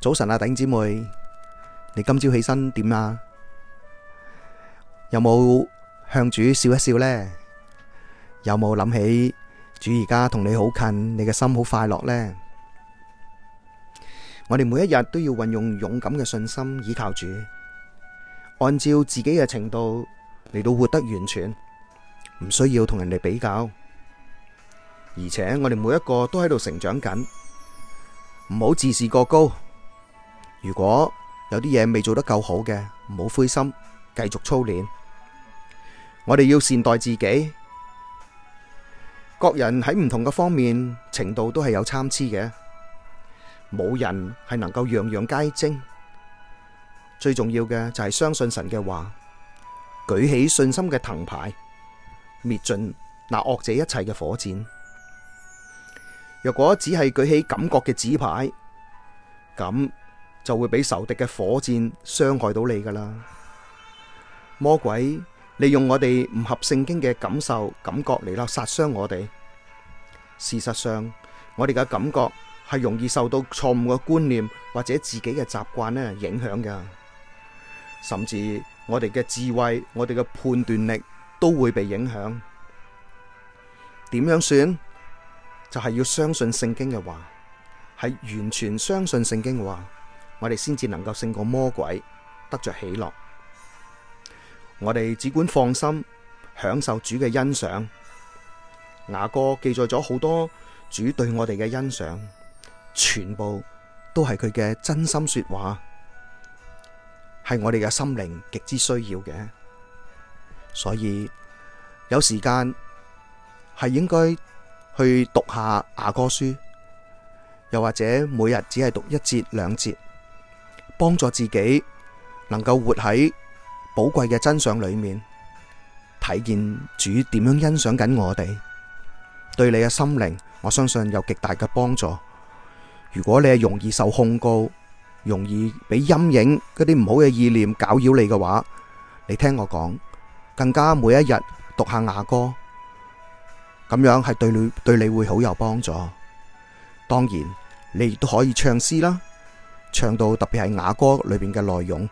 早晨啊，頂姐妹，你今朝起身點啊？有冇向主笑一笑呢？有冇諗起主而家同你好近，你嘅心好快樂呢？我哋每一日都要運用勇敢嘅信心依靠主，按照自己嘅程度嚟到活得完全，唔需要同人哋比較。而且我哋每一個都喺度成長緊，唔好自視過高。如果有啲嘢未做得夠好嘅，唔好灰心，繼續操練。我哋要善待自己，各人喺唔同嘅方面程度都係有參差嘅，冇人係能夠樣樣皆精。最重要嘅就係相信神嘅話，舉起信心嘅藤牌，滅盡那惡者一切嘅火箭。若果只係舉起感覺嘅紙牌，咁。就會俾仇敵嘅火箭傷害到你噶啦。魔鬼利用我哋唔合聖經嘅感受、感覺嚟到殺傷我哋。事實上，我哋嘅感覺係容易受到錯誤嘅觀念或者自己嘅習慣咧影響㗎，甚至我哋嘅智慧、我哋嘅判斷力都會被影響。點樣算？就係、是、要相信聖經嘅話，係完全相信聖經嘅話。我哋先至能夠勝過魔鬼，得着喜樂。我哋只管放心享受主嘅欣賞。雅歌記載咗好多主對我哋嘅欣賞，全部都係佢嘅真心說話，係我哋嘅心靈極之需要嘅。所以有時間係應該去讀下雅歌書，又或者每日只係讀一節兩節。幫助自己能夠活喺寶貴嘅真相裏面，睇見主點樣欣賞緊我哋，對你嘅心靈，我相信有極大嘅幫助。如果你係容易受控告、容易俾陰影嗰啲唔好嘅意念攪擾你嘅話，你聽我講，更加每一日讀一下雅歌，咁樣係對你對你會好有幫助。當然，你亦都可以唱詩啦。唱到特別係雅歌裏邊嘅內容，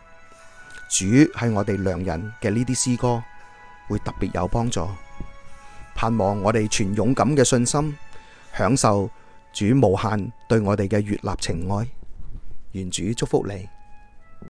主係我哋良人嘅呢啲詩歌會特別有幫助，盼望我哋全勇敢嘅信心，享受主無限對我哋嘅悅納情愛，願主祝福你。